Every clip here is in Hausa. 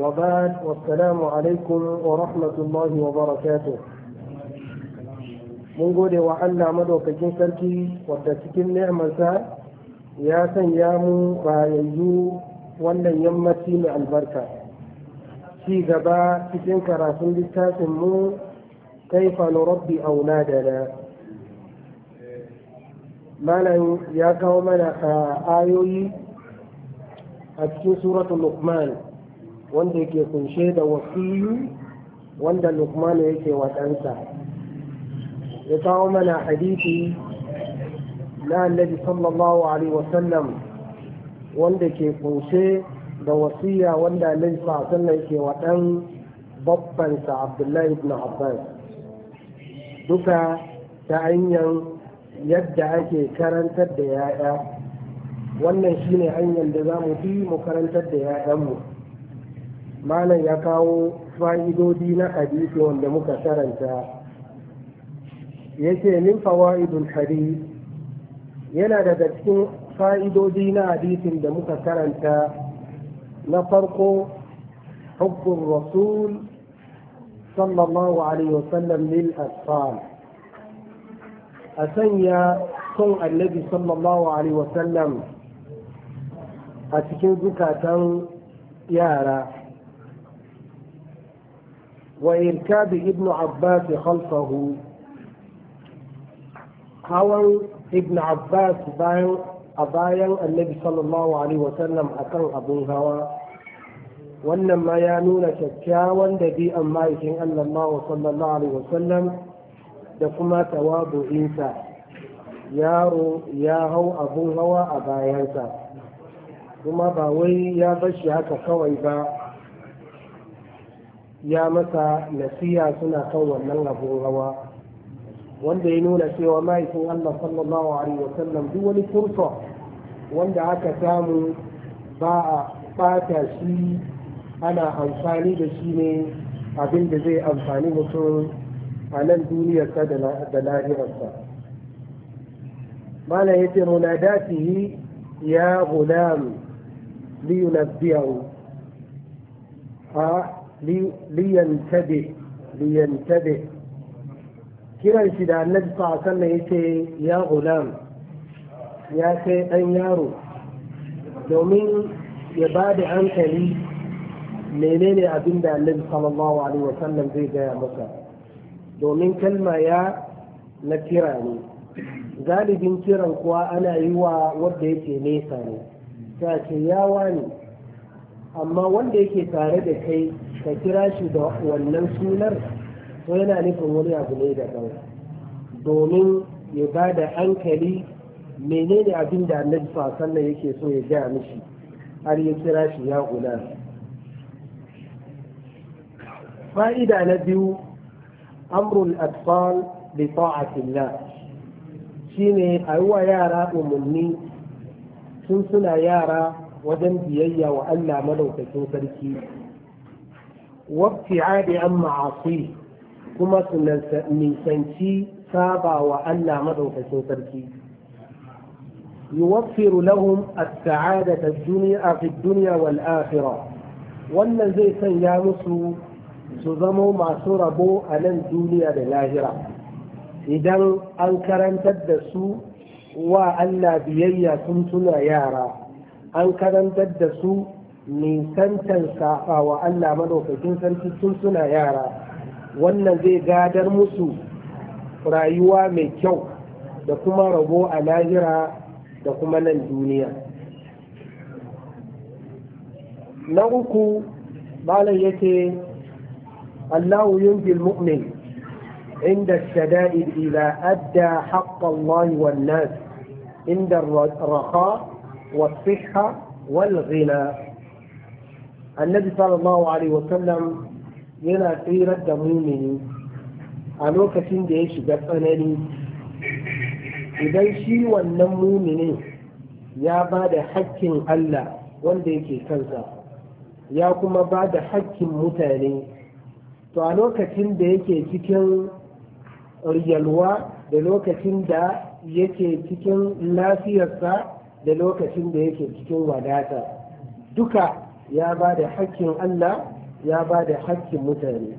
وبعد والسلام عليكم ورحمة الله وبركاته mun gode wa Allah madaukakin sarki wadda cikin ni'amarsa ya sanya mu bayayyu wannan yammaci mai albarka ci gaba cikin karatun littafin mu kaifa nurabbi auladana malam ya kawo mana ayoyi a cikin suratul luqman wanda yake kunshe da wasiyu wanda lukmanu yake wa ɗansa ya kawo mana hadisi na annabi sallallahu alaihi wasallam wanda ke kunshe da wasiya wanda annabi sallallahu alaihi yake wa ɗan babbansa abdullahi ibn abbas duka ta hanyar yadda ake karantar da 'ya'ya wannan shine hanyar da za mu bi mu karantar da 'ya'yanmu malam ya kawo fa'idodi na hadisi wanda muka karanta yake min fawaidul hadith yana daga cikin fa'idodi na hadisin da muka karanta na farko hubbun rasul sallallahu alaihi wasallam lil asfal a sanya son annabi sallallahu alaihi wasallam a cikin zukatan yara وإركاب ابن عباس خلفه هوى ابن عباس باين أباين النبي صلى الله عليه وسلم أكن أبو wannan ma ya nuna kyakkyawan dabi'an ma'aikin Allah sallallahu alaihi wasallam da kuma tawadu'insa yaro ya hau abun hawa a bayansa kuma ba wai ya bashi haka kawai ba ya masa nasiya suna kan wannan abun rawa wanda ya nuna cewa ma'aikin Allah sallallahu alaihi wasallam duk wani fursa wanda aka samu ba a ɓata shi ana amfani da shi ne abin da zai amfani mutum a nan duniyarsa da lahirarsa mana ya ce yi ya na biyan a liyantabe liyantabe kiran shi da annabi sa sallan yace ya gulam ya kai ɗan yaro domin ya ba da hankali menene abin da annabi sallallahu alaihi wasallam zai gaya masa domin kalma ya na kira ne galibin kiran kuwa ana yi wa wanda yake nesa ne ta ce ya wani amma wanda yake tare da kai ka kira shi da wannan sunar to yana nufin wani abu ne da kawai domin ya ba da hankali menene abin da annabi yake so ya gaya mishi har ya kira shi ya gula fa'ida na biyu amrul atfal bi ta'atillah shine a yi wa yara umarni sun suna yara wajen biyayya wa Allah madaukakin sarki وابتعاد عن معاصيه كما نسنشي سابع وأن مدعو حسن sarki. يوفر لهم السعادة الدنيا في الدنيا والآخرة wannan zai sanya musu su zama masu rabo a nan duniya da lahira idan an karantar da su wa Allah biyayya sun yara an karantar da su nisantan safa wa Allah madaukakin sarki tun suna yara wannan zai gadar musu rayuwa mai kyau da kuma rabo a lahira da kuma nan duniya na uku bala yake Allahu yunjil mu'min inda عند الشدائد إذا أدى حق الله والناس عند الرخاء wal ghina annabi sallallahu alaihi sallam yana tsirar da mumini a lokacin da ya shiga tsanani idan shi wannan muminin ya ba da hakkin Allah wanda yake kansa ya kuma ba da hakkin mutane to a lokacin da yake cikin yalwa da lokacin da yake cikin lafiyarsa da lokacin da yake cikin wadata duka ya ba da hakkin Allah ya ba da hakkin mutane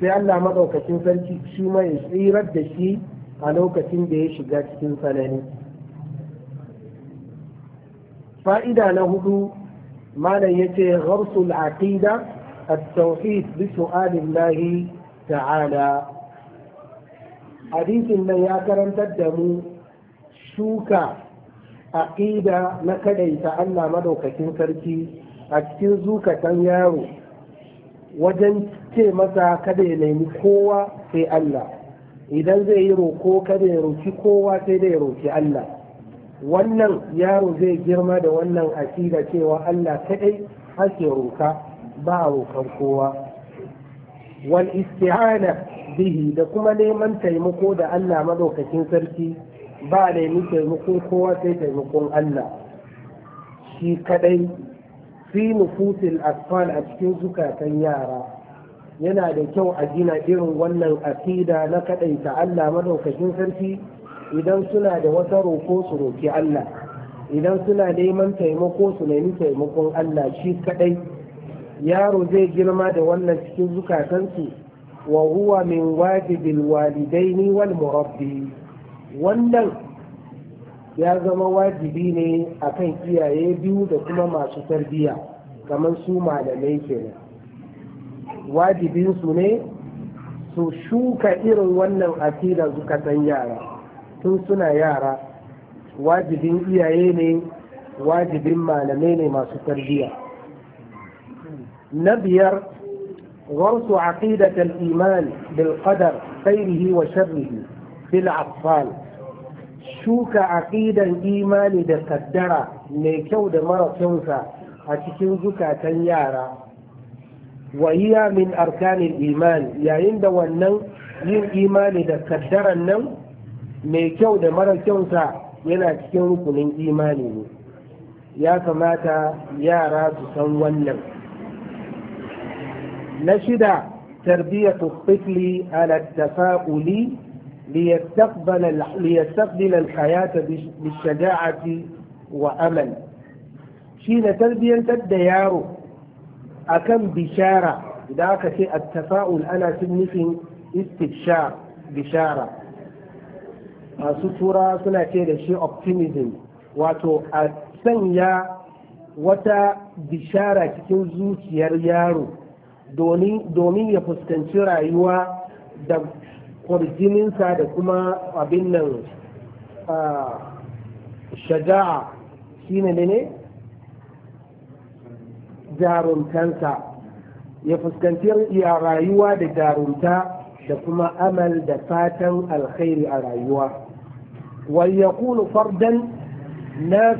sai Allah maɗaukacin sarki shi ma ya tsirar da shi a lokacin da ya shiga cikin tsanani fa'ida na hudu malam ya ce gharsul aqida at-tauhid bi su'alillahi ta'ala hadisin nan ya karantar da mu shuka aqida na kadaita Allah maɗaukacin sarki a cikin zukatan yaro wajen ce masa kada ya nemi kowa sai Allah idan zai yi roko kada ya roki kowa sai dai ya roki Allah wannan yaro zai girma da wannan akida cewa Allah kadai ake roka ba a rokan kowa wal isti'ana bihi da kuma neman taimako da Allah madaukakin sarki ba nemi taimakon kowa sai taimakon Allah shi kadai fi nufusil asfal a cikin zukatan yara yana da kyau a gina irin wannan asida na kaɗaita Allah madaukakin sarki idan suna da wata roƙo su roƙi Allah idan suna neman taimako su nemi taimakon Allah shi kaɗai yaro zai girma da wannan cikin zukatansu wa huwa min wajibil walidaini wal murabbi wannan ya zama wajibi ne akan iyaye biyu da kuma masu tarbiyya kamar su malamai kenan wajibinsu ne su shuka irin wannan akida zukatan yara tun suna yara wajibin iyaye ne wajibin malamai ne masu tarbiyya na biyar غرس bil الإيمان بالقدر wa وشره fil الأطفال shuka aqidan imani da kaddara mai kyau da mara a cikin zukatan yara wa iya min arkanin iman yayin da wannan yin imani da kaddaran nan mai kyau da mara kyausa yana cikin rukunin imani ne ya kamata yara su san wannan na shida tarbiyyatu tifli ala tafa'uli ليستقبل ليستقبل الحياة بالشجاعة وأمل شين تربية الديار أكم بشارة ذاك شيء التفاؤل أنا سنف استبشار بشارة turawa suna ce da shi optimism wato a sanya wata bishara cikin zuciyar yaro domin ya fuskanci rayuwa da Kurjininsa da kuma abin nan shaja'a shine ne jarumtansa ya fuskanci rayuwa da jarumta da kuma amal da fatan alkhairi a rayuwa wal fardan na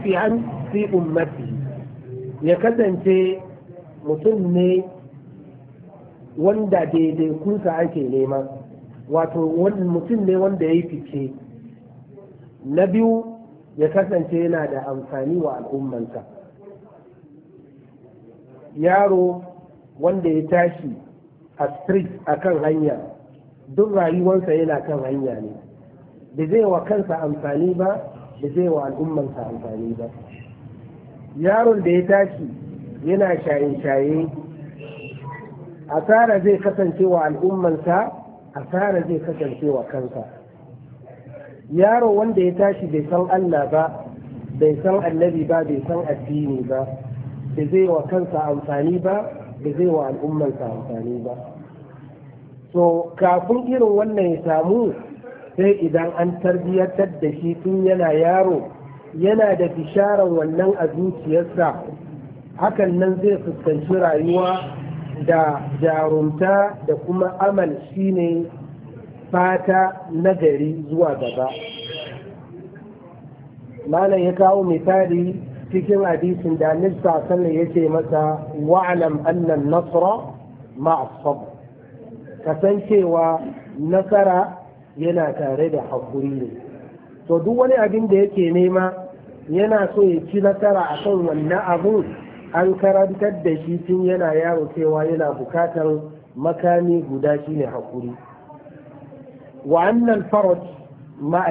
fi ummati ya kasance mutum ne wanda daidaikunsa ake nema wato mutum ne wanda ya yi fice na biyu ya kasance yana da amfani wa al'ummansa yaro wanda ya tashi a street a kan hanya duk rayuwansa yana kan hanya ne da zai wa kansa amfani ba da zai wa al'ummansa amfani ba yaron da ya tashi yana shaye-shaye asara zai kasance wa al'ummansa asara zai kasance wa kansa yaro wanda ya tashi bai san Allah ba bai san annabi ba bai san addini ba da zai wa kansa amfani ba da zai wa al'ummansa amfani ba To kafin irin wannan ya samu sai idan an tarbiyatar da shi tun yana yaro yana da bisharar wannan a zuciyarsa hakan nan zai fuskanci rayuwa da jarumta da kuma amal shine fata nagari zuwa gaba malam ya kawo misali cikin hadisin da nisa sallan ya ce masa wa'alam annan nasra ma'a kasancewa nasara yana tare da haƙuri ne to duk wani abin da yake nema yana so ya ci nasara akan wannan abu? an karantar da shi tun yana yaro cewa yana bukatar makami guda ne hakuri wa annal faraj ma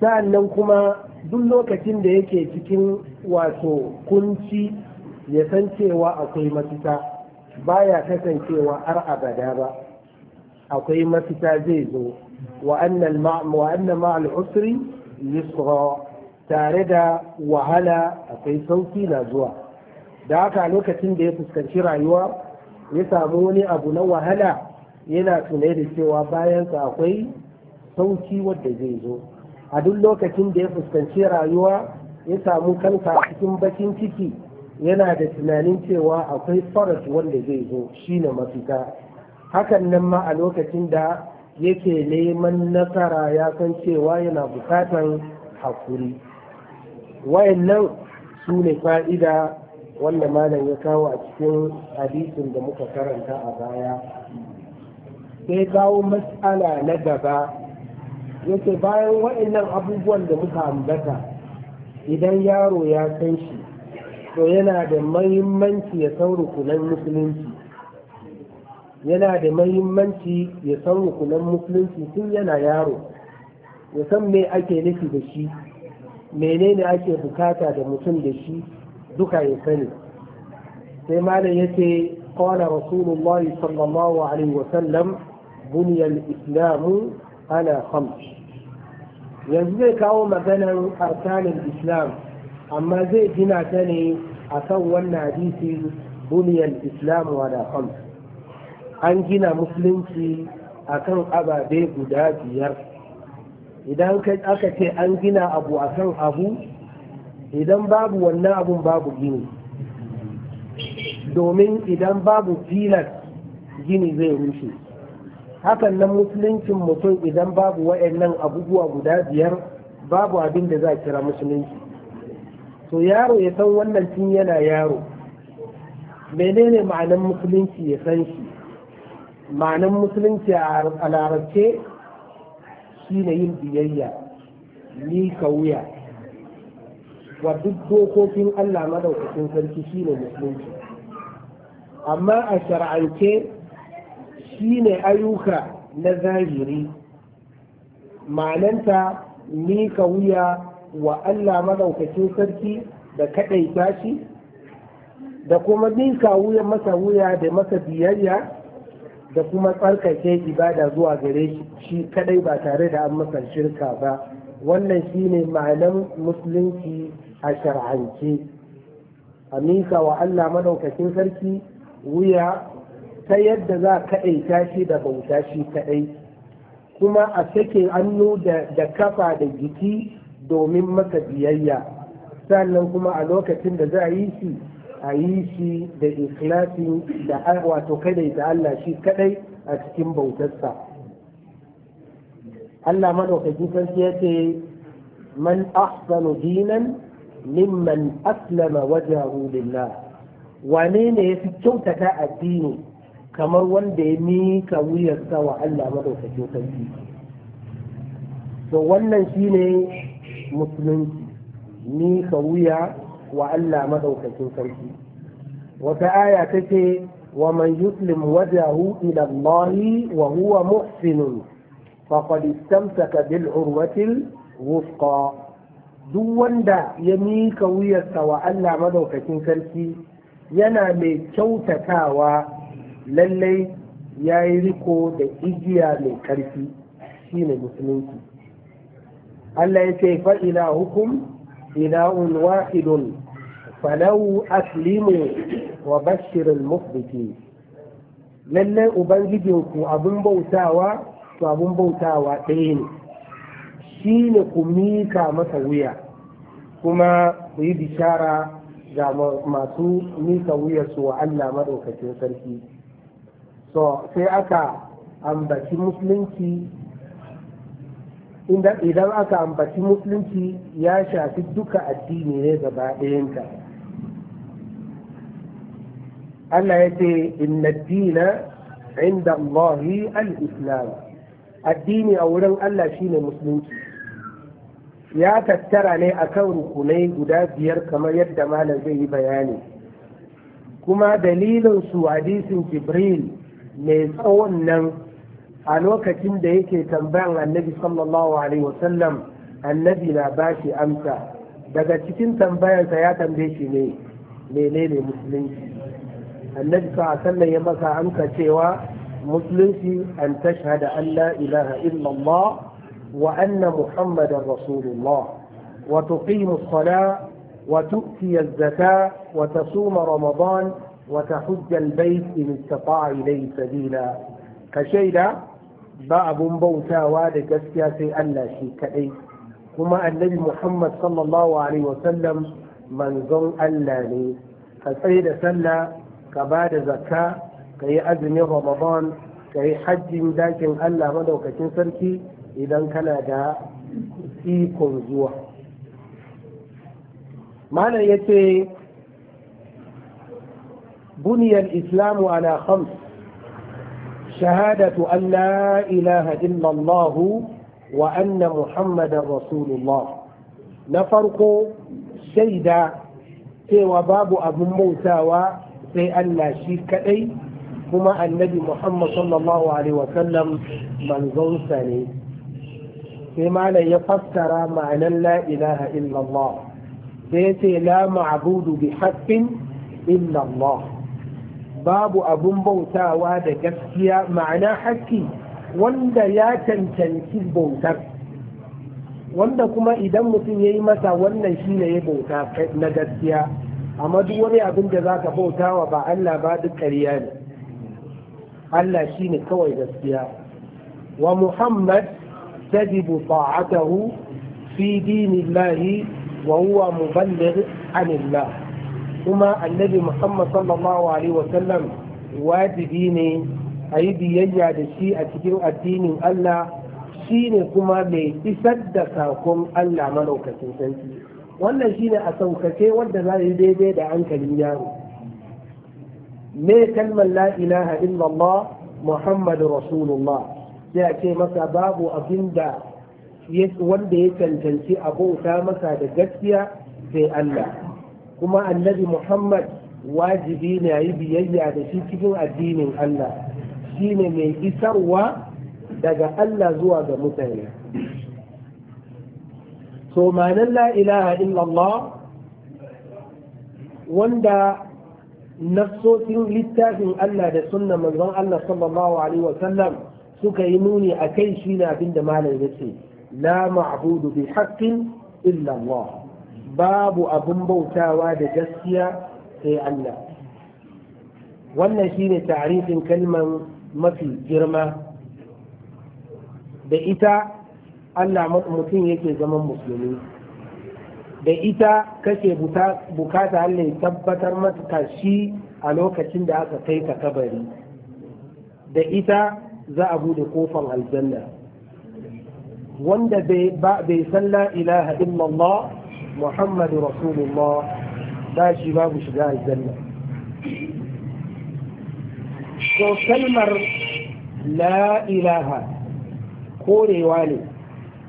sa'annan kuma duk lokacin da yake cikin wato kunci ya san cewa akwai mafita baya kasancewa har abada ba akwai mafita zai zo wa annal ma'al usri yusra tare da wahala akwai sauki na zuwa da haka lokacin da ya fuskanci rayuwa ya samu wani abu na wahala yana tunai da cewa bayansa akwai sauki wadda zai zo a duk lokacin da ya fuskanci rayuwa ya samu kansa cikin bakin ciki yana da tunanin cewa akwai faras wanda zai zo shine mafita hakan nan ma a lokacin da yake neman nasara ya san cewa yana bukatan hakuri wayannan su ne fa'ida wanda malam ya kawo a cikin hadisin da muka karanta a baya sai kawo matsala na gaba yake bayan wayannan abubuwan da muka ambata idan yaro ya san shi to yana da mahimmanci ya san rukunan musulunci yana da mahimmanci ya san rukunan musulunci tun yana yaro ya san me ake nufi da shi menene ake bukata da mutum da shi duka ya sani sai malam yace qala rasulullahi sallallahu alaihi wa sallam buniya al-islam ala khams yanzu zai kawo maganar arkanin islam amma zai gina ta ne akan wannan hadisi buniyar islam ala khams an gina musulunci akan ababe guda biyar idan aka ce an gina abu a kan abu idan babu wannan abun babu gini domin idan babu filar gini zai rushe hakan nan musuluncin mutum idan babu wa'annan abubuwa guda biyar babu abin da za a kira musulunci to yaro ya san wannan tun yana yaro menene ma'anan musulunci ya san shi ma'anan musulunci a larabce shine yin biyayya ni ka wuya wa duk dokokin Allah madaukakin sarki shine musulunci amma a shar'ance shine ayyuka na zahiri ma'ananta ni ka wuya wa Allah madaukakin sarki da kaɗaita shi da kuma ni ka wuya masa wuya da masa biyayya da kuma tsarkake ibada zuwa gare shi kadai ba tare da an masa shirka ba wannan shine ma'anan musulunci a shar'ance a wa Allah madaukakin sarki wuya ta yadda za ka kaɗaita shi da bauta shi kaɗai kuma a sake hannu da kafa da jiki domin masa biyayya sannan kuma a lokacin da za a yi shi a yi shi da ikhlasi da wato kadai da Allah shi kadai a cikin bautarsa Allah madaukaki sarki ya ce man ahsanu dinan mimman aslama wajahu lillah wane ne ya fi kyautata addini kamar wanda ya mika wuyarsa wa Allah madaukakin sarki to wannan shine musulunci mika wuya wa Allah madaukakin sarki wata aya take wa man yuslim wajahu ila Allah wa huwa muhsin faqad istamsaka bil urwatil wusqa duk wanda ya mika wuyarsa wa Allah madaukakin sarki yana mai kyautatawa lallai ya yi riko da igiya mai ƙarfi shi ne musulunci Allah ya ce fa'ila hukum ila'un wahidun falau aslimu wa bashirin mufbiti lallai ubangijinku abin bautawa to abin bautawa ɗaya ne shi ne ku mika masa wuya kuma ku yi bishara ga masu mika wuyarsu wa Allah maɗaukacin sarki so sai aka ambaci musulunci idan aka ambaci musulunci ya shafi duka addini ne gaba ɗayanta Allah ya ce inna dina inda Allahi al-islam addini a wurin Allah shine musulunci ya tattara ne a kan rukunai guda biyar kamar yadda malam zai yi bayani kuma dalilin su hadisin jibril mai tsawon nan a lokacin da yake tambayan annabi sallallahu alaihi wasallam annabi na bashi amsa daga cikin tambayarsa ya tambaye shi ne menene musulunci annabi sallallahu alaihi ya masa amsa cewa musulunci an tashhada an la ilaha illallah wa anna muhammadan rasulullah wa tuqimu as-salah wa tu'ti az-zakah wa tasuma ramadan wa tahujja al-bayt in istata'a ilayhi sabila ka shaida ba abun bautawa da gaskiya sai Allah shi kadai kuma annabi Muhammad sallallahu alaihi wasallam manzon Allah ne ka tsaye da sallah ka ba da zakka ka yi azumin ramadan ka yi hajjin dakin allah madaukakin sarki idan kana da ikon zuwa malam ya ce buniyar islamu ala khams shahadatu an la ilaha illallah wa anna muhammadan rasulullah na farko shaida cewa babu abin bautawa sai Allah shi kaɗai, kuma annabi Muhammad sallallahu alaihi wasallam manzonsa ne sai malam ya fassara ma'anar la ilaha illallah sai ce la ma'budu bi haqqin illallah babu abun bautawa da gaskiya ma'ana haƙƙi wanda ya cancanci bautar wanda kuma idan mutum ya yi masa wannan shi ne ya bauta na gaskiya amma duk wani abin da za ka bauta wa ba Allah ba duk ƙarya ne Allah shi ne kawai gaskiya wa Muhammad tajibu ta'atahu fi dinillahi wa huwa muballigh anillah kuma annabi Muhammad sallallahu alaihi wa sallam wajibi ne ayi biyayya da shi a cikin addinin Allah shi ne kuma mai isar da sakon Allah madaukakin sarki wannan shine a saukace wanda za yi daidai da hankalin yaro me kalmar la ilaha illallah muhammadu rasulullah sai a ce masa babu abin da wanda ya cancanci abota masa da gaskiya sai Allah kuma annabi muhammad wajibi ne a yi biyayya da shi cikin addinin Allah shine mai isarwa daga Allah zuwa ga mutane so nan la ilaha illallah wanda nafsosin littafin Allah da sunna manzon Allah sallallahu alaihi suka yi nuni a kai shi na abin malam ya ce la ma'budu bi haqqin illa Allah babu abin bautawa da gaskiya sai Allah wannan shine tarihin kalman mafi girma da ita Allah mutum yake zaman musulmi da ita kake bukata Allah ya tabbatar mata shi a lokacin da aka kai ka kabari da ita za a bude kofan aljanna wanda bai san la ilaha illallah muhammadu rasulullah ba shi babu shiga aljanna so kalmar la ilaha korewa ne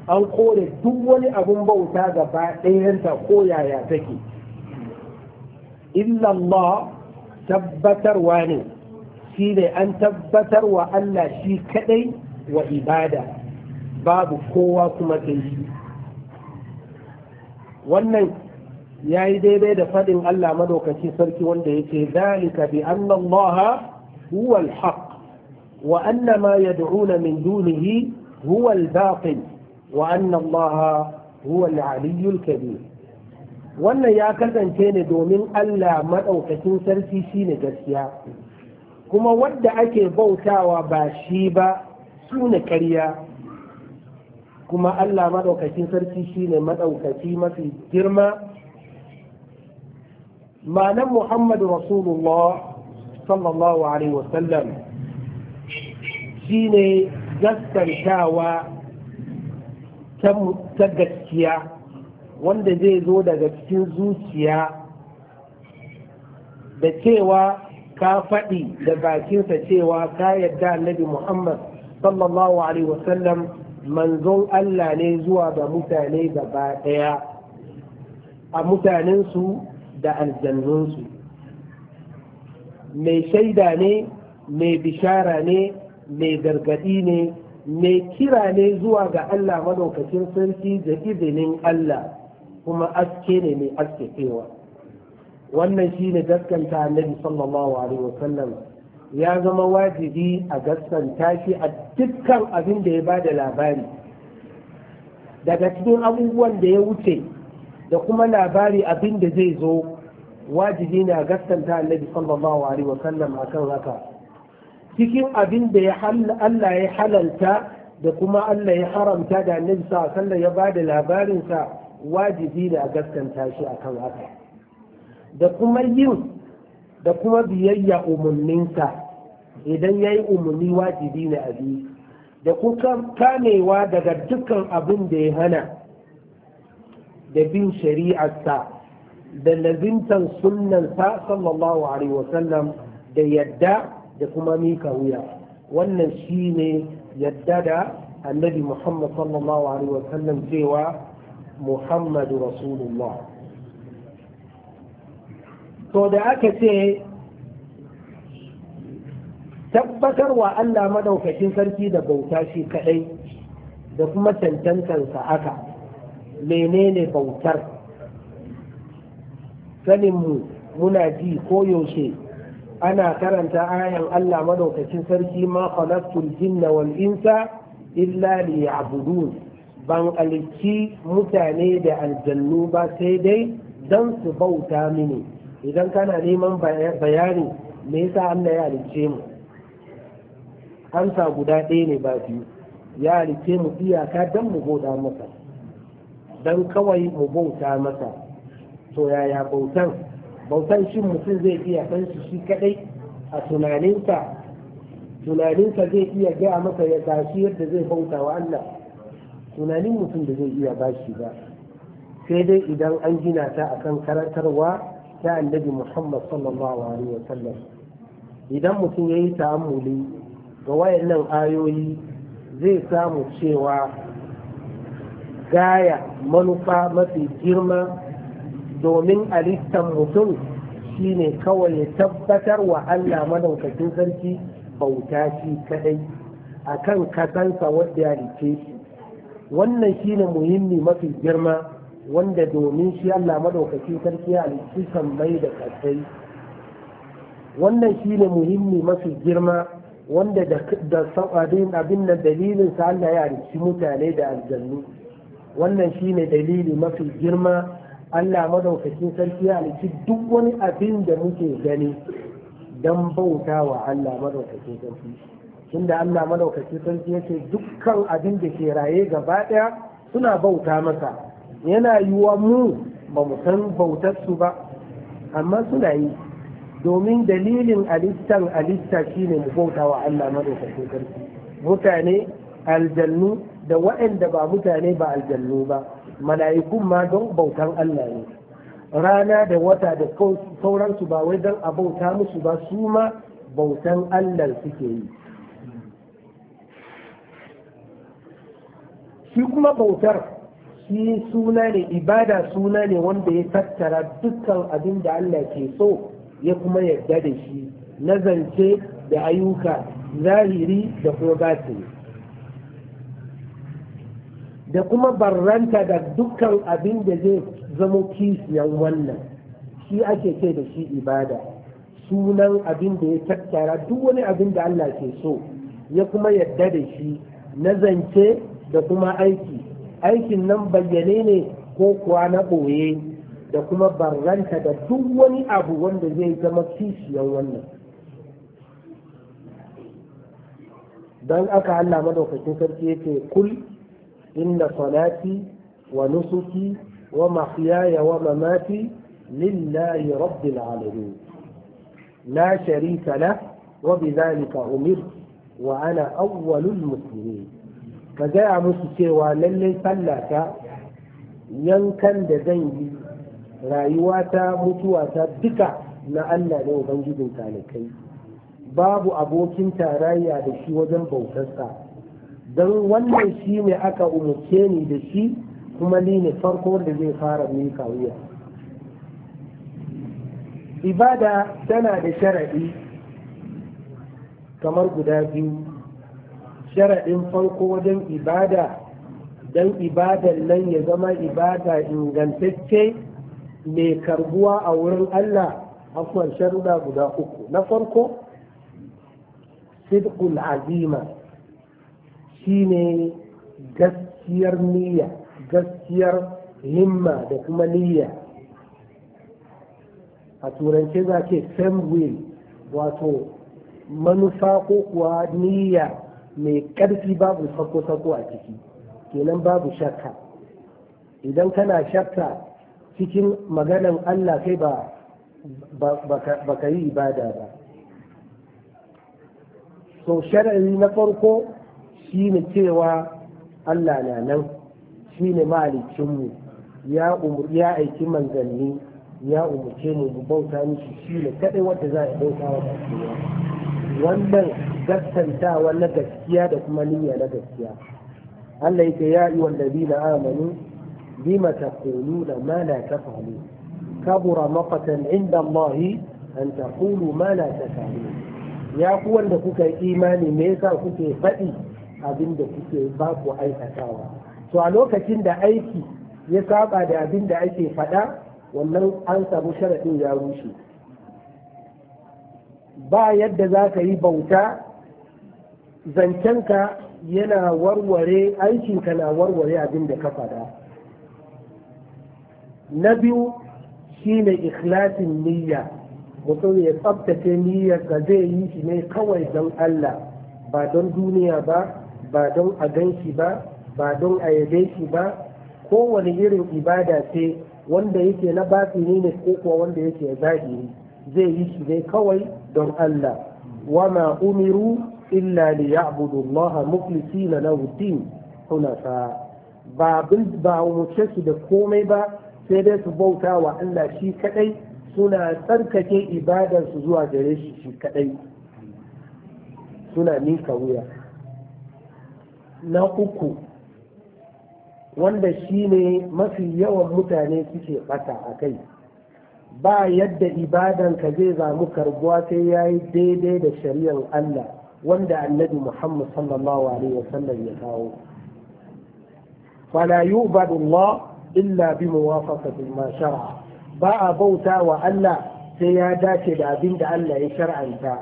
an kore duk wani abun bauta gaba ɗayanta ko yaya take illallah tabbatarwa ne shi ne an tabbatar wa Allah shi kadai wa ibada babu kowa kuma sai shi wannan ya yi daidai da faɗin Allah madaukaki sarki wanda ya ce zalika bi annallaha huwa alhaq wa anna yad'una min dunihi huwa zafin. وأن الله هو العلي الكبير wannan ya kasance ne domin Allah maɗaukacin sarki shi gaskiya kuma wadda ake bautawa ba shi ba su ne karya kuma Allah maɗaukacin sarki shi ne mafi girma ma'anan Muhammadu Rasulullah sallallahu Alaihi wasallam shi gaskantawa ta gaskiya wanda zai zo daga cikin zuciya da cewa ka faɗi da bakinsa cewa ka yarda annabi muhammad sallallahu alaihi wasallam manzon allah ne zuwa ga mutane gaba ɗaya a mutanensu da aljannunsu mai shaida ne mai bishara ne mai gargaɗi ne mai kira ne zuwa ga Allah madaukakin sarki da izinin Allah kuma aske ne mai aske cewa wannan shi ne gaskanta annabi sallallahu alaihi sallam ya zama wajibi a gaskanta shi a dukkan abin da ya ba da labari daga cikin abubuwan da ya wuce da kuma labari abin da zai zo wajibi na a gaskanta annabi sallallahu alaihi wasallam akan haka cikin abin da Allah ya halalta da kuma Allah ya haramta da annabi sa sallar ya ba da labarinsa wajibi da a gaskanta shi a kan haka da kuma yin da kuma biyayya umarninsa idan ya yi umarni wajibi ne a biyu da kuka kamewa daga dukkan abin da ya hana da bin shari'arsa da labintan sunnansa sallallahu alaihi wasallam da yadda da kuma mika wuya wannan shi ne yadda da annabi muhammad sallallahu alaihi sallam cewa muhammadu rasulullah to da aka ce wa allah madaukakin sarki da bauta shi kadai da kuma cancantansa aka menene bautar saninmu muna ji koyaushe ana karanta ayan Allah madaukakin sarki ma khalaqtul jinna wal insa illa liya'budun ban alki mutane da aljannu ba sai dai dan su bauta mini idan kana neman bayani me yasa Allah ya alice mu amsa guda ɗaya ne ba biyu ya alice mu iyaka dan mu bauta masa dan kawai mu bauta masa to yaya bautan bautan shi mutum zai iya san shi shi kadai a tunaninsa tunaninsa zai iya gaya masa ya tashi yadda zai bauta wa Allah tunanin mutum da zai iya ba shi ba sai dai idan an gina ta akan karantarwa ta annabi Muhammad sallallahu alaihi wa sallam idan mutum ya yi ta'ammuli ga wayannan ayoyi zai samu cewa gaya manufa mafi girma domin a listan mutum shine kawai ya tabbatar wa Allah madaukakin sarki bauta shi kadai a kan kasansa wadda ya rice shi wannan shine muhimmi mafi girma wanda domin shi Allah madaukakin sarki ya rice mai da kasai wannan shine muhimmi mafi girma wanda da sabadin abin da dalilin sa Allah ya rice mutane da aljannu wannan shine dalili mafi girma Allah madaukakin sarki ya alci duk wani abin da muke gani don bauta wa Allah madaukakin sarki Tunda Allah madaukakin sarki yake dukkan abin da ke raye gaba ɗaya suna bauta masa yana yiwa mu ba mu san bautar su ba amma suna yi domin dalilin alistan alista shine mu bauta wa Allah madaukakin sarki mutane aljannu da waɗanda ba mutane ba aljannu ba mala'ikun ma don bautan Allah ne rana da wata da sauransu ba wai don a bauta musu ba su ma bautan Allah suke yi shi kuma bautar shi suna ne ibada suna ne wanda ya tattara dukkan abin da Allah ke so ya kuma yarda da shi na zance da ayyuka zahiri da kuma batini da kuma barranta da dukkan abin da zai zama kishiyar wannan shi ake ce da shi ibada sunan abin da ya tattara duk wani abin da Allah ke so ya kuma yadda da shi na zance da kuma aiki aikin nan bayyane ne ko kuwa na ɓoye da kuma barranta da duk wani abu wanda zai zama kishiyar wannan don aka Allah madaukakin sarki yake kul wa إن صلاتي ونسكي ومحياي ومماتي لله رب العالمين لا شريك له وبذلك أمرت وأنا أول المسلمين فجاء مسكي وللي صلاك yankan da zan yi rayuwata mutuwa ta duka na Allah ne Ubangijin talikai babu abokin tarayya da shi wajen bautarsa don wannan shi ne aka umarce ni da shi kuma ni ne farko da zai fara mika wuya ibada tana da sharaɗi kamar guda biyu sharaɗin farko wajen ibada don ibadan nan ya zama ibada ingantacce mai karbuwa a wurin Allah akwai sharuɗa guda uku na farko sidqul azima shine gaskiyar niyya gaskiyar himma da kuma niyya a turance za ce same will wato manufa ko kuwa niyya mai ƙarfi babu sako-sako a ciki kenan babu shakka idan kana shakka cikin maganan allah kai ba ka yi ibada ba so shari'i na farko shine cewa Allah na nan shine mahalicinmu ya ya aiki manzanni ya umarce mu mu bauta mishi shine kaɗai wanda za a bauta wa wannan gaskantawa na gaskiya da kuma niyya na gaskiya Allah yake ya yi na amanu kabura تقولون ما inda تفعلون كبر kulu ma na ta تقولوا Ya ku wanda kuka yi imani me yasa kuke faɗi? abin da kuke ba aikatawa to a lokacin da aiki ya saba da abin da ake faɗa wannan an samu sharaɗin ya rushe ba yadda za ka yi bauta zancenka yana warware aikinka na warware abin da ka faɗa na biyu shine ikhlasin niyya mutum ya tsabtace ka zai yi shi ne kawai don Allah ba don duniya ba ba don a ganshi ba ba don a yabe shi ba kowane irin ibada ce wanda yake na basu ne ko kuwa wanda yake zahiri zai yi shi ne kawai don Allah wama umiru illa li ya'budu Allah na lahu din hunafa ba bin ba umurce su da komai ba sai dai su bauta wa Allah shi kadai suna tsarkake ibadar su zuwa gare shi shi kadai suna mika wuya na uku wanda shi ne mafi yawan mutane suke ɓata a kai ba yadda ibadanka zai zamu karbuwa sai ya yi daidai da shari'ar Allah wanda annabi Muhammad sallallahu alaihi wasallam ya kawo fala yu'badu Allah illa bi muwafaqati ma shar'a ba a bauta wa Allah sai ya dace da abin da Allah ya shar'anta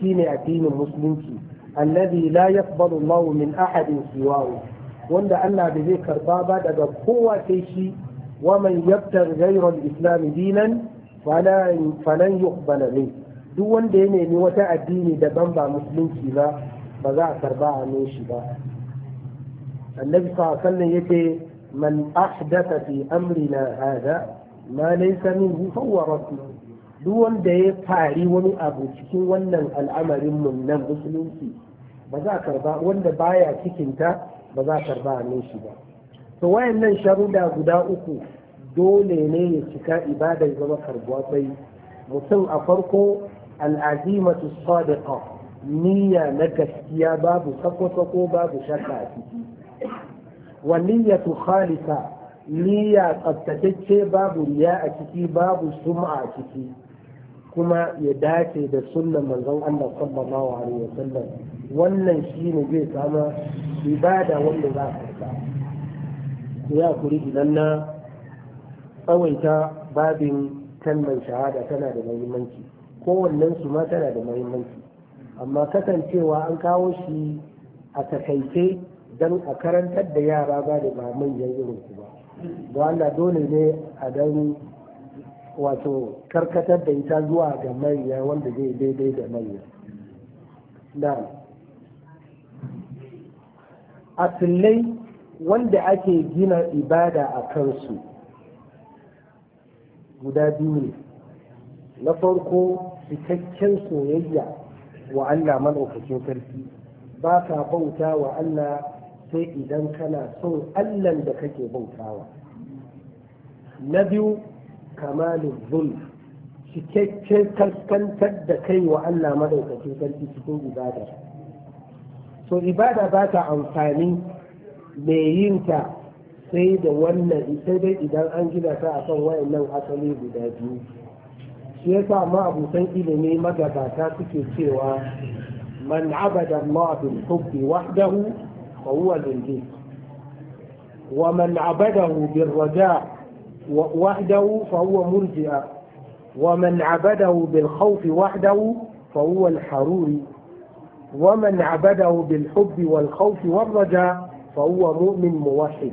shine addinin musulunci الذي لا يقبل الله من أحد سواه وند أن بذي كربابا دقا قوة كيشي ومن يبتغ غير الإسلام دينا فلا فلن يقبل منه دو وند أن يعني وتا الدين دبن با مسلم كيبا بغا كربا عميشي با النبي صلى الله عليه وسلم من أحدث في أمرنا هذا ما ليس منه فهو رسول duk wanda ya fari wani abu cikin wannan al'amarin mun nan musulunci ba za karba wanda baya cikinta ba za karba a shi ba to wayannan sharuda guda uku dole ne ya cika ibada ya zama karbuwa bai mutum a farko al'azimatu sadiqa niyya na gaskiya babu sako-sako babu shakka a ciki wa niyyatu khalisa niyya tsaftatacce babu riya a ciki babu sum'a a ciki kuma ya dace da sunan manzon Allah sallallahu alaihi sallam wannan shine zai samu ibada wanda za a Ku ya kuri idan na tsawaita babin kalmar shahada tana da muhimmanci kowannen su ma tana da muhimmanci amma kasancewa an kawo shi a takaice don a karantar da yara ba da ba manyan irin ku ba don Allah dole ne a dan wato karkatar da ita zuwa ga Mariya wanda zai daidai da manya da asilai wanda ake gina ibada a kansu guda biyu ne na farko cikakken soyayya wa Allah maɗaukakin sarki ba ka bauta wa Allah sai idan kana son Allah da kake bautawa na biyu kamalin zulm cikakken kaskantar da kai wa Allah madaukakin sarki cikin ibada so ibada ba ta amfani mai yin ta sai da wannan sai dai idan an gina ta akan wayannan asali guda biyu shi yasa ma ilimi magabata suke cewa man abada Allah bil hubbi wahdahu fa huwa lil wa man abadahu bil raja' وحده فهو مرجئة ومن عبده بالخوف وحده فهو الحروري ومن عبده بالحب والخوف والرجاء فهو مؤمن موحد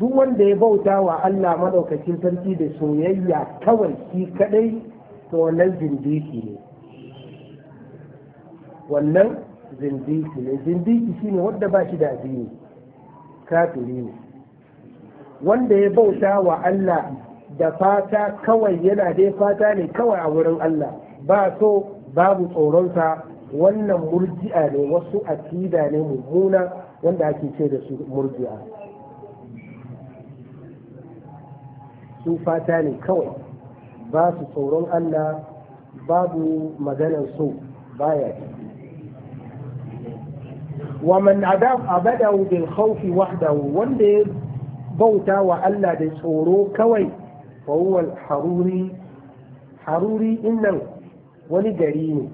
duk wanda ya bauta wa Allah madaukakin sarki da soyayya kawai shi kadai to wannan zindiki ne wannan zindiki ne zindiki shine wanda ba shi da addini kafiri ne wanda ya bauta wa Allah da fata kawai yana dai fata ne kawai a wurin Allah ba so babu tsoronsa wannan murji'a ne wasu akida ne mummuna wanda ake ce da su murji'a su fata ne kawai ba su tsoron Allah babu maganar so baya ciki ومن عداه أبده بالخوف وحده وانده bauta wa Allah da tsoro kawai fa huwa haruri haruri innan wani gari ne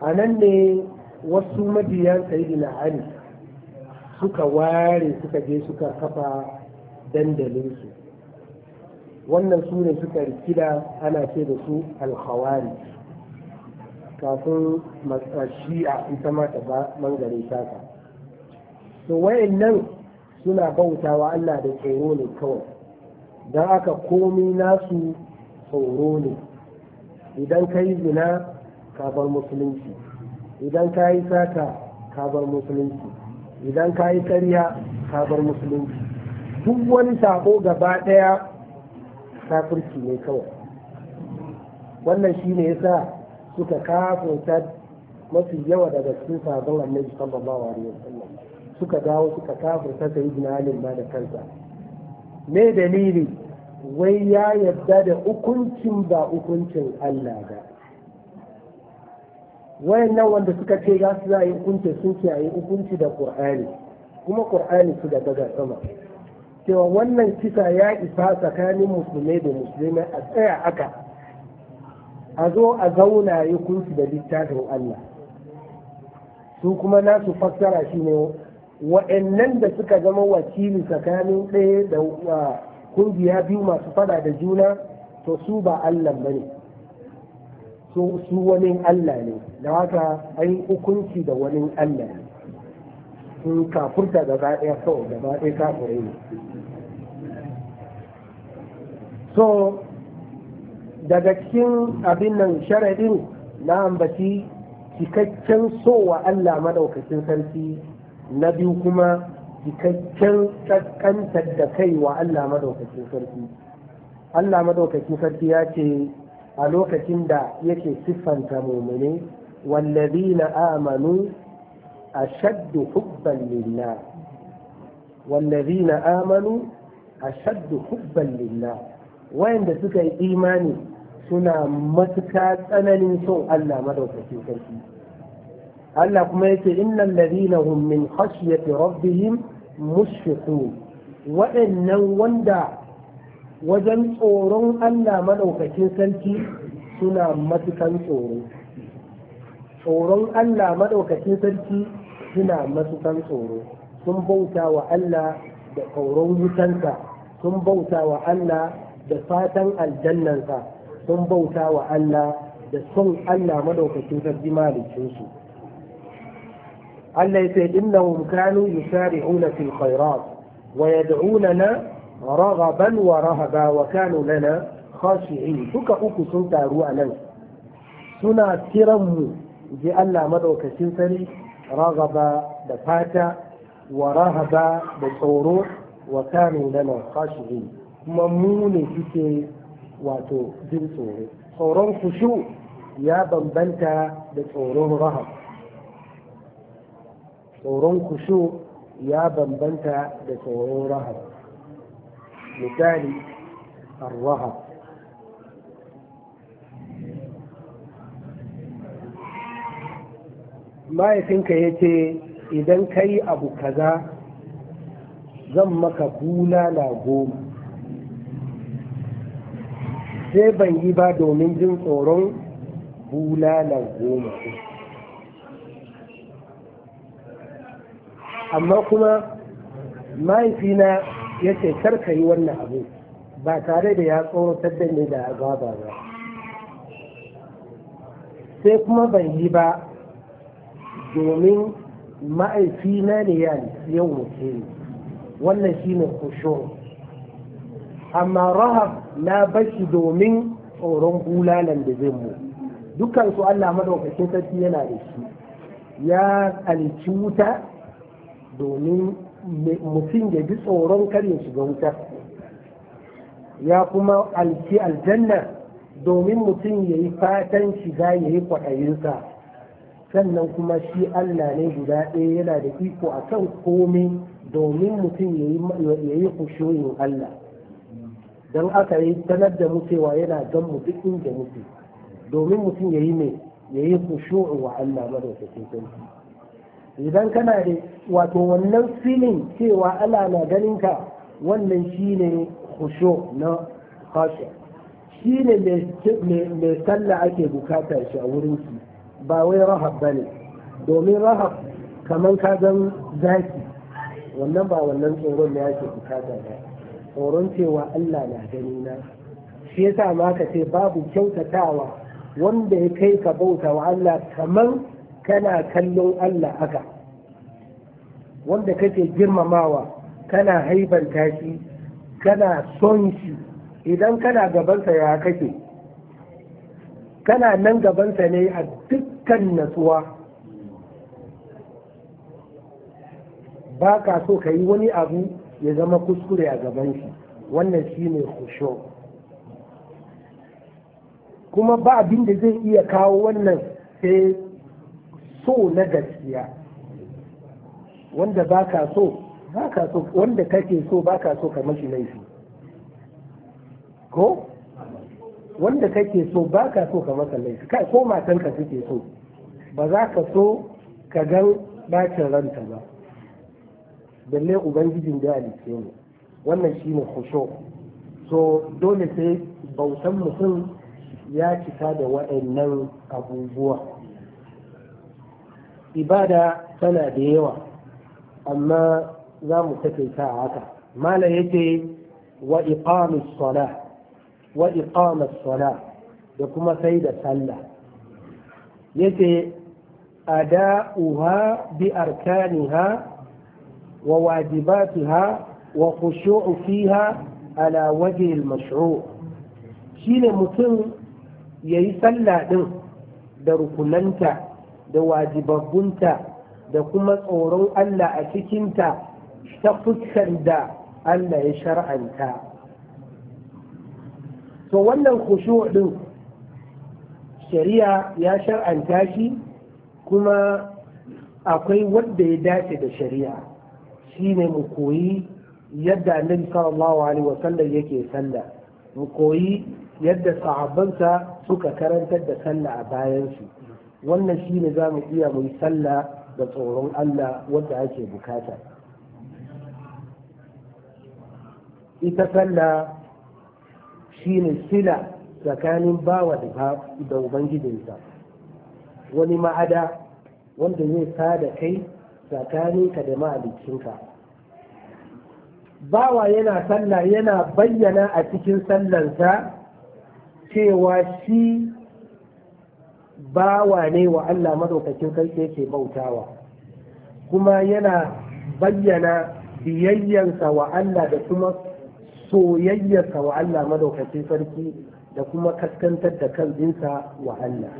a nan ne wasu mabiyan sayyidina ali suka ware suka je suka kafa dandalinsu wannan su ne suka rikida ana ce da su alhawari, kafin shi'a ita ma ta ba mangare ta to wayannan suna bautawa Allah da tsoro ne kawai don aka komi nasu tsoro ne idan ka yi zina ka bar musulunci idan ka yi sata ka bar musulunci idan ka yi karya ka bar musulunci duk wani sako gaba ɗaya kafirci ne kawai wannan shi ne yasa suka kafirta mafi yawa daga cikin sabon annabi sallallahu alaihi wasallam suka dawo suka kafirta sayyidina ali ma da kansa me dalili wai ya yarda da hukuncin ba hukuncin Allah ba wayannan wanda suka ce za su za yi hukunci sun ce a yi hukunci da Qur'ani kuma Qur'ani su da daga sama cewa wannan kisa ya isa tsakanin musulmai da musulmai a tsaya aka a zo a zauna yi hukunci da littafin Allah su kuma nasu fassara shi ne wa'annan da suka zama wakili tsakanin ɗaya da kungiya biyu masu fada da juna to su ba Allah ba ne su wani Allah ne da haka an yi hukunci da wani Allah ne sun kafurta gaba ɗaya kawai gaba ɗaya kafure ne so daga cikin abin nan sharaɗin na ambaci cikakken so wa Allah madaukakin sarki na biyu kuma cikakken kaskantar da kai wa Allah madaukakin sarki Allah madaukakin sarki ya ce a lokacin da yake siffanta mumune na amanu ashaddu hubban lillah na amanu ashaddu hubban lillah wayanda suka yi imani suna matuka tsananin son Allah madaukakin sarki Allah kuma yake innal ladina hum min khashyati rabbihim mushfiqun waɗannan wanda wajen tsoron Allah madaukakin sarki suna matukan tsoro tsoron Allah madaukakin sarki suna matukan tsoro sun bauta wa Allah da tsoron wutansa sun bauta wa Allah da fatan aljannansa sun bauta wa Allah da son Allah madaukakin sarki malicinsu التي إنهم كانوا يسارعون في الخيرات ويدعوننا رغبا ورهبا وكانوا لنا خاشعين فك أكو سنتا روانا سنا كرم جي مدعو كسنتري رغبا دفاتا ورهبا بصورو وكانوا لنا خاشعين ممون فيكي واتو دلتوري صورو خشو يا بمبنتا بصورو رهب tsoron kusho ya bambanta da tsoron rahab misali arwahab mahaifinka ya ce idan ka yi abu kaza zan maka bulala goma sai ban yi ba domin jin tsoron bulala goma amma kuma mahaifina ya ce karka yi wannan abu ba tare da ya tsoratar da ni da azaba ba sai kuma ban yi ba domin mahaifina ne ya yau mutu ne wannan shi ne kusho amma rahab na bashi domin tsoron bulalan da zai mu dukansu allah madaukakin sarki yana da shi ya alici wuta domin mutum ya bi tsoron karin ya shiga wuta ya kuma alki aljanna domin mutum ya yi fatan shiga ya yi kwaɗayinsa sannan kuma shi Allah ne guda ɗaya yana da iko a kan komai domin mutum ya yi kushoyin Allah don aka yi sanar da mutuwa yana gan mu duk inda domin mutum ya yi mai ya yi kushoyin wa Allah madaukakin sarki idan kana da wato wannan filin cewa Allah na ganin ka wannan shine khushu na khashiya shi ne mai sallah ake bukata shi a wurin ki ba wai rahab ba ne domin rahab kamar ka zan zaki wannan ba wannan tsoron ne ake bukata ba tsoron cewa Allah na gani na shi yasa ma ka ce babu kyautatawa wanda ya kai ka bauta wa Allah kamar kana kallon Allah haka wanda kake girmamawa kana haibanta shi kana son shi idan kana gabansa ya kake kana nan gabansa ne a dukkan natsuwa ba ka so ka yi wani abu ya zama kuskure a gaban shi wannan shi ne kuma ba abin da zai iya kawo wannan sai so na gaskiya wanda ba ka so ba ka so wanda kake so ba ka so ka mashi laifi ko wanda kake so ba ka so ka masa laifi kai ko matanka kake so ba za ka so ka gan bacin ranta ba balle ubangijin da alice ne wannan ne kusho. so dole sai bautan mutum ya cika da waɗannan abubuwa ibada tana da yawa amma za mu takaita a haka malam yace wa iqamus sala wa iqamus sala da kuma sai da sallah yace ada'uha bi arkaniha wa wajibatiha wa khushu'u fiha ala wajhi al-mashru' shine mutum yayi sallah din da rukunanta da wajibabbunta da kuma tsoron Allah a cikinta ta fuskar da Allah ya shar'anta. To wannan kushu ɗin shari'a ya shar'anta shi kuma akwai wanda ya dace da shari'a shi ne mu koyi yadda annabi sallallahu alaihi wasallam yake sallah mu koyi yadda sahabbansa suka karantar da sallah a bayansu wannan shi ne za mu iya mu yi sallah da tsoron Allah wadda ake bukata ita sallah shi ne sila tsakanin bawa da ubangijinsa wani ma'ada wanda zai sada kai tsakaninka da ma'alikinka bawa yana sallah yana bayyana a cikin sallansa cewa shi bawa ne wa Allah madaukakin sarki yake bautawa kuma yana bayyana biyayyansa wa Allah da kuma soyayyarsa wa Allah madaukakin sarki da kuma kaskantar da kanzinsa wa Allah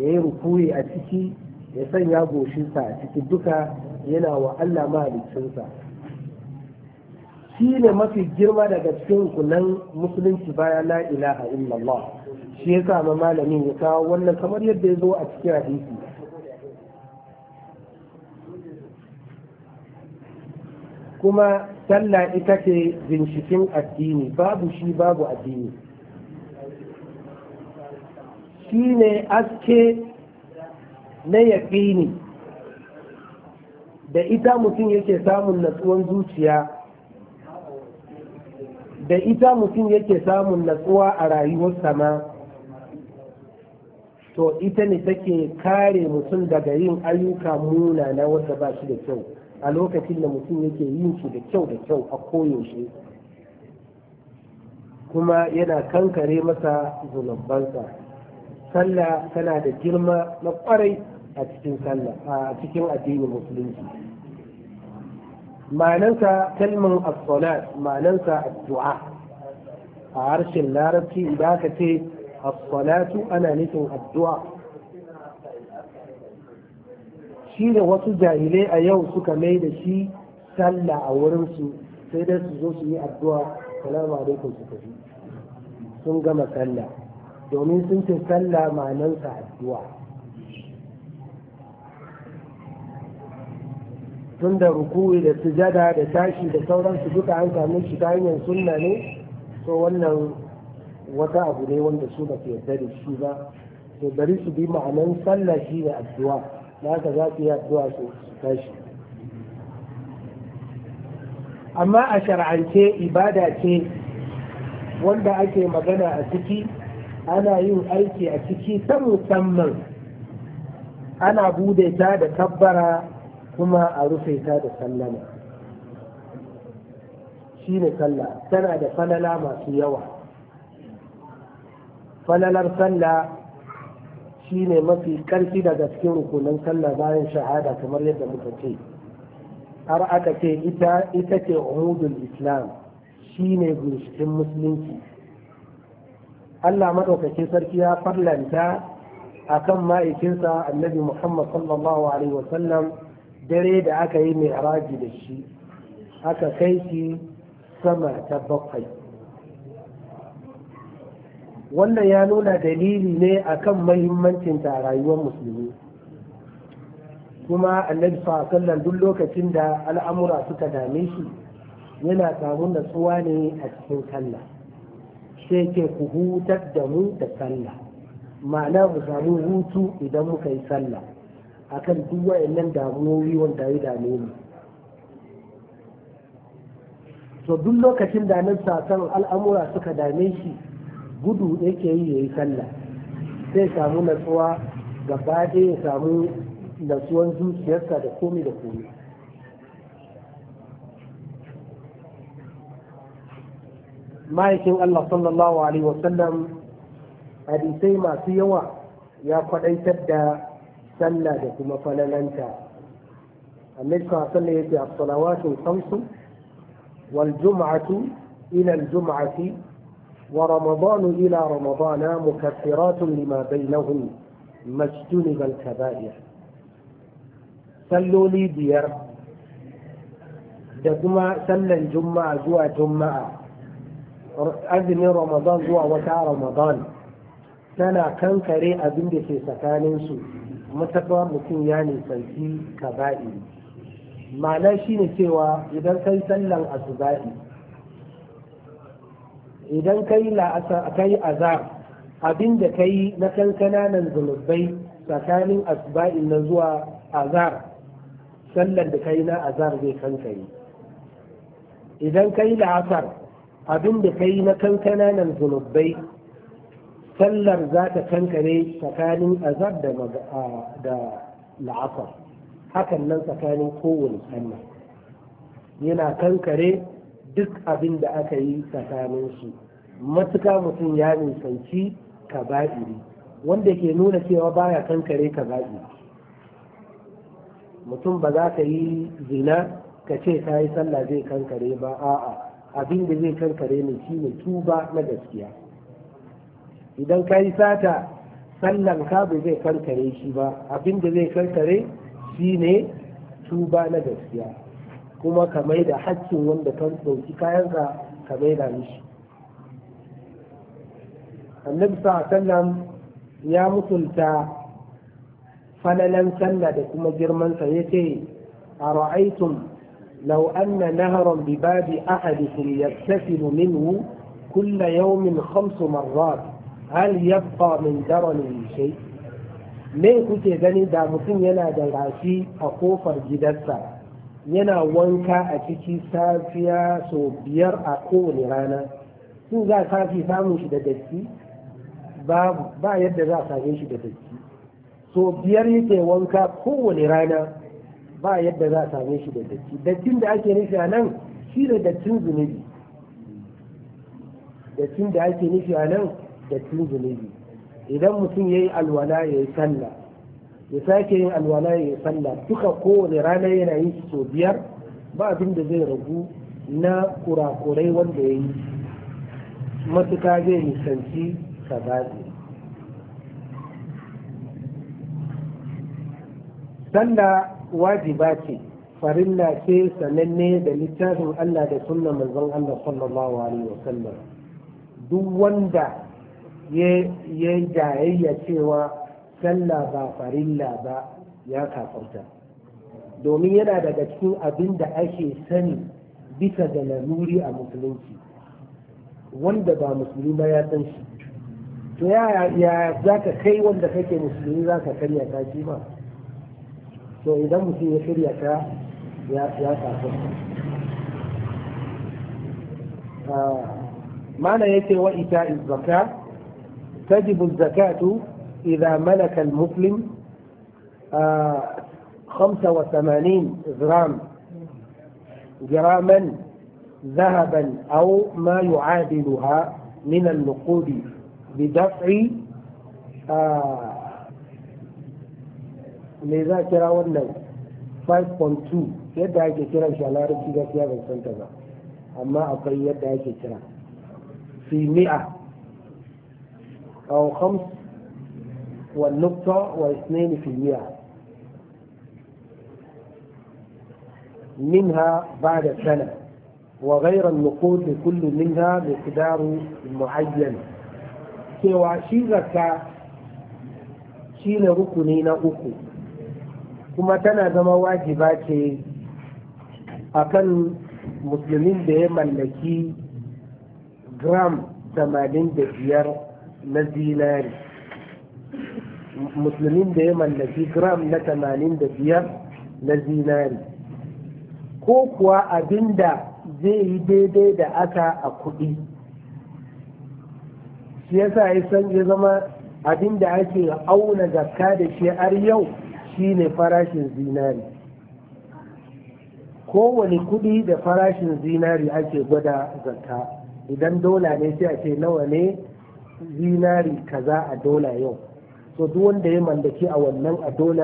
ya yi rukuyi a ciki ya sanya goshinsa a ciki duka yana wa Allah mahalicinsa shi ne mafi girma daga cikin kunan musulunci baya la ilaha illallah shi ya sa ma malamin ya kawo wannan kamar yadda ya zo a cikin hadisi kuma sallah ita ce binciken addini babu shi babu addini shi ne aske na yaƙini da ita mutum yake samun natsuwan zuciya da ita mutum yake samun natsuwa a rayuwar sama. to ita ne take kare mutum daga yin ayyuka muna na wanda ba shi da kyau a lokacin da mutum yake yin su da kyau da kyau a koyaushe kuma yana kankare masa zunubansa sallah tana da girma na kwarai a cikin sallah a cikin addinin musulunci ma'anansa kalmin as-salat ma'anansa addu'a a harshen larabci idan ka ce as-salatu ana nufin addu'a shi da wasu jahilai a yau suka mai da shi sallah a wurinsu sai dai su zo su yi addu'a salamu alaikum su tafi sun gama sallah domin sun ce sallah ma'anansa addu'a tun da rukuwi da sujada da tashi da sauransu duka an sami shi ta hanyar sunna ne so wannan wata abu ne wanda su ba ke yarda da shi ba to bari su bi ma'anan sallah shi da addu'a da haka za su yi addu'a su tashi amma a shar'ance ibada ce wanda ake magana a ciki ana yin aiki a ciki ta musamman ana bude ta da tabbara kuma a rufe ta da sallama shi ne sallah tana da falala masu yawa falalar sallah shine mafi karfi daga cikin rukunin sallah bayan shahada kamar yadda muka ce har aka ce ita ce umudul islam shine ginshikin musulunci Allah maɗaukacin sarki ya farlanta a kan ma'aikinsa annabi Muhammad sallallahu Alaihi wasallam dare da aka yi mai araji da shi aka kai shi sama ta bakwai wannan ya nuna dalili ne akan mahimmancin a rayuwar musulmi kuma annabi sallan duk lokacin da al'amura suka dame shi yana samun natsuwa ne a cikin sallah sai ke ku hutar da mu da sallah ma'ana mu samu hutu idan muka yi sallah akan duk wayannan damuwoyi wanda ya dame mu to duk lokacin da nan san al'amura suka dame shi gudu yake yi ya yi sallah zai samu natsuwa gaba ɗaya ya samu natsuwan zuciyarsa da komi da komi ma'aikin Allah sallallahu Alaihi wasallam hadisai masu yawa ya kwaɗaitar da sallah da kuma falalanta annabi sallah ya ce a salawatin khamsu wal jum'atu ila al ورمضان إلى رمضان na لما بينهن ما اجتنب الكبائر salloli biyar da kuma sallan juma'a zuwa juma'a azumin ramadan zuwa wata ramadan tana kankare abin da ke tsakaninsu matabar mutum ya nisanci kaba'i ma'ana shine cewa idan kai sallan asuba'i idan ka yi kai azar abin da ka yi na kankana nan zunubai tsakanin asba'in na zuwa azar sallar da ka yi na azar zai kankare idan ka yi la'asar abin da ka yi na kankana nan zunubai sallar za ta kankare tsakanin azar da la'asar hakan nan tsakanin kowane sallar yana kankare duk abin da aka yi tsakanin su matuka mutum ya nisanci kaba'iri wanda ke nuna cewa baya kankare kaba'iri mutum ba za ka yi zina ka ce ka yi sallah zai kankare ba a'a abin da zai kankare ne shine tuba na gaskiya idan ka yi sata sallan ka ba zai kankare shi ba abin da zai kankare shine tuba na gaskiya kuma ka mai da haƙƙin wanda ka ɗauki kayanka ka mai da mishi annabi sallam ya mutunta fanalan sallah da kuma girmansa ya ce a ra'aitun لو أن نهرا بباب أحدكم يغتسل منه كل يوم خمس مرات هل يبقى من درنه شيء me kuke gani da mutum yana da rashi a ƙofar gidansa yana wanka a ciki safiya sau biyar a kowane rana sun za a safi samun shi da datti ba yadda za a same shi da datti so biyar yake wanka kowane rana ba yadda za a same shi da datti dattin da ake nufi a nan shi da dattin zunubi dattin da ake nufi a nan dattin zunubi idan mutum ya yi alwala ya yi sallah ya sake yin alwala ya sallah duka kowane rana yana yin su sau biyar ba abin da zai ragu na kurakurai wanda ya yi matuka zai nisanci sabazi sallah wajiba ce farilla ce sananne da littafin Allah da sunna manzon Allah sallallahu alaihi sallam duk wanda ya jayayya cewa Salla ba farilla ba ya kafarta domin yana daga cikin abin da ake sani bisa ga laluri a musulunci wanda ba musulmi ba ya san shi to ya za ka kai wanda kake musulmi za ka karya ta shi ba to idan mutum ya karya ta ya kafarta ah, mana yake wa ita zaka tajibu zakatu إذا ملك المسلم خمسة وثمانين جرام جراما ذهبا أو ما يعادلها من النقود بدفع me za a kira wannan 5.2 yadda ake kira shi a larabci gaskiya ban san ta amma akwai yadda ake kira fi mi'a والنقطة واثنين في المئة منها بعد سنة وغير النقود لكل منها مقدار معين cewa shi zakka shi ne rukuni na uku kuma tana zama wajiba ce a kan musulmin da ya mallaki gram biyar na zinari musulmin da ya mallaki gram na tamanin da biyar na zinari ko kuwa abinda zai yi daidai da aka a kuɗi shi yasa ya san ya zama da ake auna zakka da shi har yau shine farashin zinari kowane kuɗi da farashin zinari ake gwada zakka idan dola ne sai a ce nawa ne zinari kaza a dola yau to duk wanda ya mallaki a wannan a dole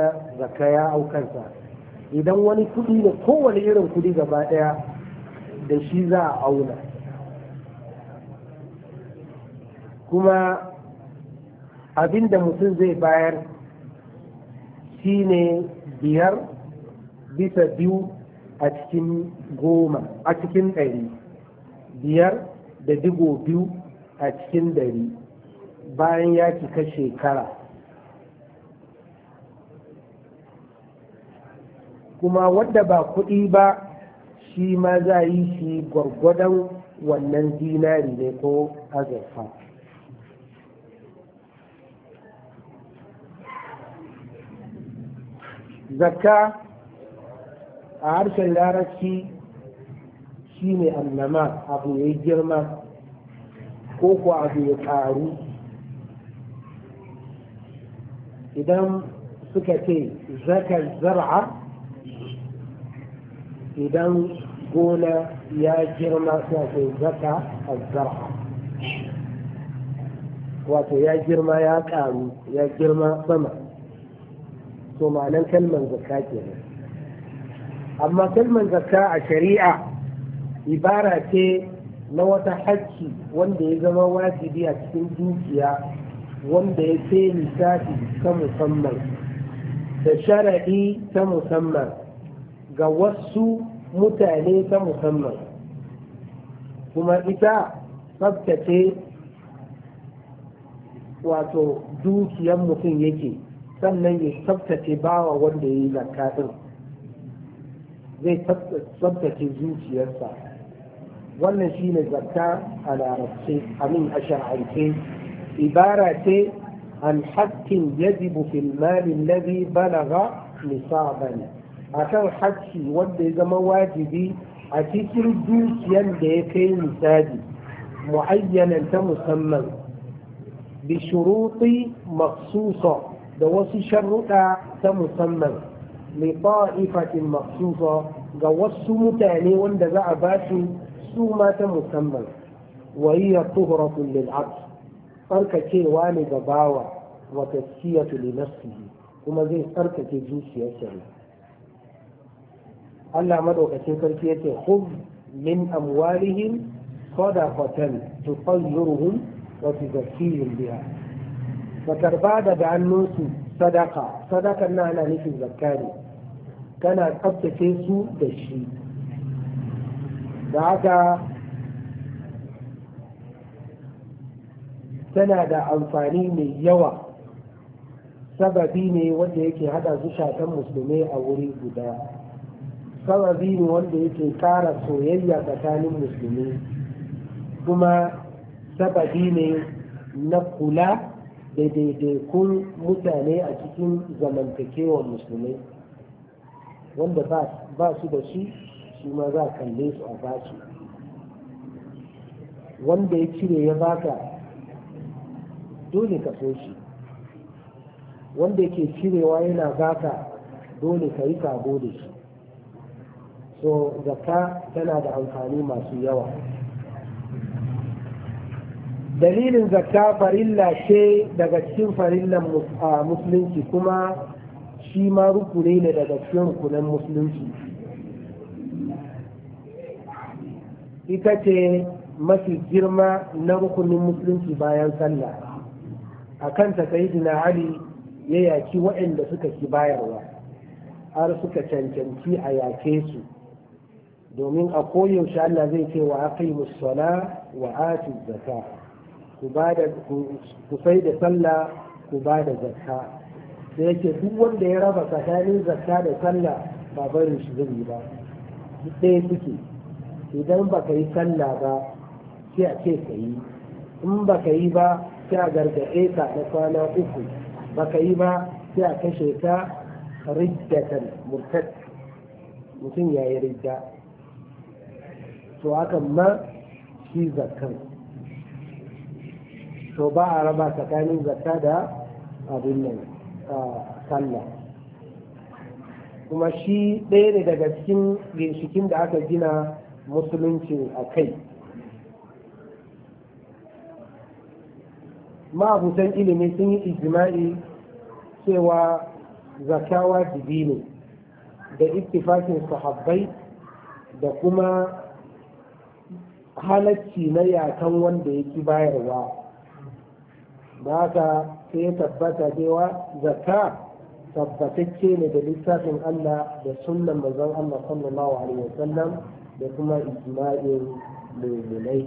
ya au kansa idan wani kuɗi ne kowane irin kuɗi gaba ɗaya da shi za a auna kuma abinda mutum zai bayar shi ne biyar bisa biyu a cikin goma a cikin ɗari biyar da digo biyu a cikin ɗari bayan ya cika shekara kuma wadda ba kuɗi ba shi ma za yi shi gwargwadon wannan zinari ne ko azurfa zakka a harshen larabci shi ne annama abu ya yi girma ko ko abu ya ƙaru idan suka ce zakar zar'a idan gona ya girma sai zaka azzara wato ya girma ya karu ya girma sama to ma'anan kalman zakka kenan amma kalman zakka a shari'a ibara ce na wata hakki wanda ya zama wajibi a cikin dukiya wanda ya ce lissafi ta musamman da sharaɗi ta musamman ga wasu mutane ta musamman kuma ita tsabtace wato dukiyar mutum yake sannan ya tsabtace bawa wanda ya yi zakatun zai tsabtace zuciyarsa wannan shi ne zakka a larabce amin a shar'ance ibara ce an haƙƙin yajibu fil mali alladhi balagha nisaban akan hajji wanda ya zama wajibi a cikin dukiyar da ya kai misali mu'ayyanan ta musamman bi shuruti maksusa da wasu sharuɗa ta musamman mai ta'ifatin maksusa ga wasu mutane wanda za a ba su su ma ta musamman wa hiya tuhratun lil abd tsarkakewa ne ga bawa wa tazkiyatu li kuma zai tsarkake zuciyarsa ne Allah madaukakin sarki yace khudh min amwalihim sadaqatan tuqayyiruhum wa tuzakkihim biha ka karba daga hannunsu sadaka sadakan na ana nufin zakka ne kana tsabtace su da shi da haka tana da amfani mai yawa sababi ne wanda yake hada zukatan musulmai a wuri guda sababi ne wanda yake kara soyayya tsakanin musulmi kuma sababi ne na kula da daidaikun mutane a cikin zamantakewar musulmi wanda ba su da shi shi ma za kalle su a basu wanda ya cire ya baka dole ka so shi wanda ke cirewa yana baka dole ka yi kago da shi so zakka tana da amfani masu yawa dalilin zakka farilla ce daga cikin farillan musulunci kuma shi ma rukuni ne daga cikin rukunan musulunci ita ce mafi girma na rukunin musulunci bayan sallah a kanta na ali ya yaki waɗanda suka ki bayarwa har suka cancanci a yake su domin a koyaushe Allah zai ce wa aqimu sala wa ati zakka ku ku sai da sallah ku ba da zakka sai yake duk wanda ya raba tsakanin zakka da sallah ba barin shi zai ba duk ɗaya suke idan ba ka yi sallah ba sai a ce ka yi in ba ka yi ba sai a gargaɗe ka na kwana uku ba ka yi ba sai a kashe ka riddatan murtad mutum ya yi ridda to hakan ma shi zakan to ba a raba tsakanin zakka da abin nan a sallah kuma shi ɗaya ne daga cikin ginshikin da aka gina musulunci a kai ma'abutan ilimi sun yi ijima'i cewa zakawa wajibi ne da ittifakin sahabbai da kuma halacci na yakan wanda ya ki bayarwa ba ka sai ya tabbata cewa zakka tabbatacce ne da lissafin Allah da sunan manzon Allah sallallahu alaihi wasallam da kuma ijma'in mulmulai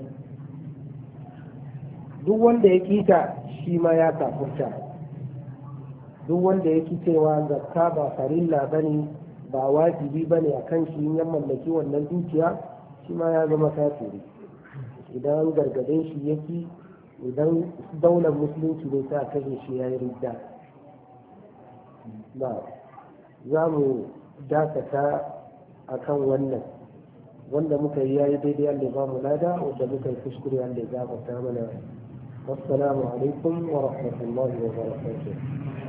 duk wanda ya kita shi ma ya kafurta duk wanda ya cewa zakka ba farilla bane ba wajibi bane akan shi ya mallaki wannan dukiya shi ma ya zama kafiri idan gargade shi yake idan daular musulunci ne ta kashe shi ya yi ridda ba za mu dakata a kan wannan wanda muka yi yayi daidai yadda ba mu lada wanda muka yi kuskure za ya ta mana wassalamu alaikum wa rahmatullahi wa barakatuh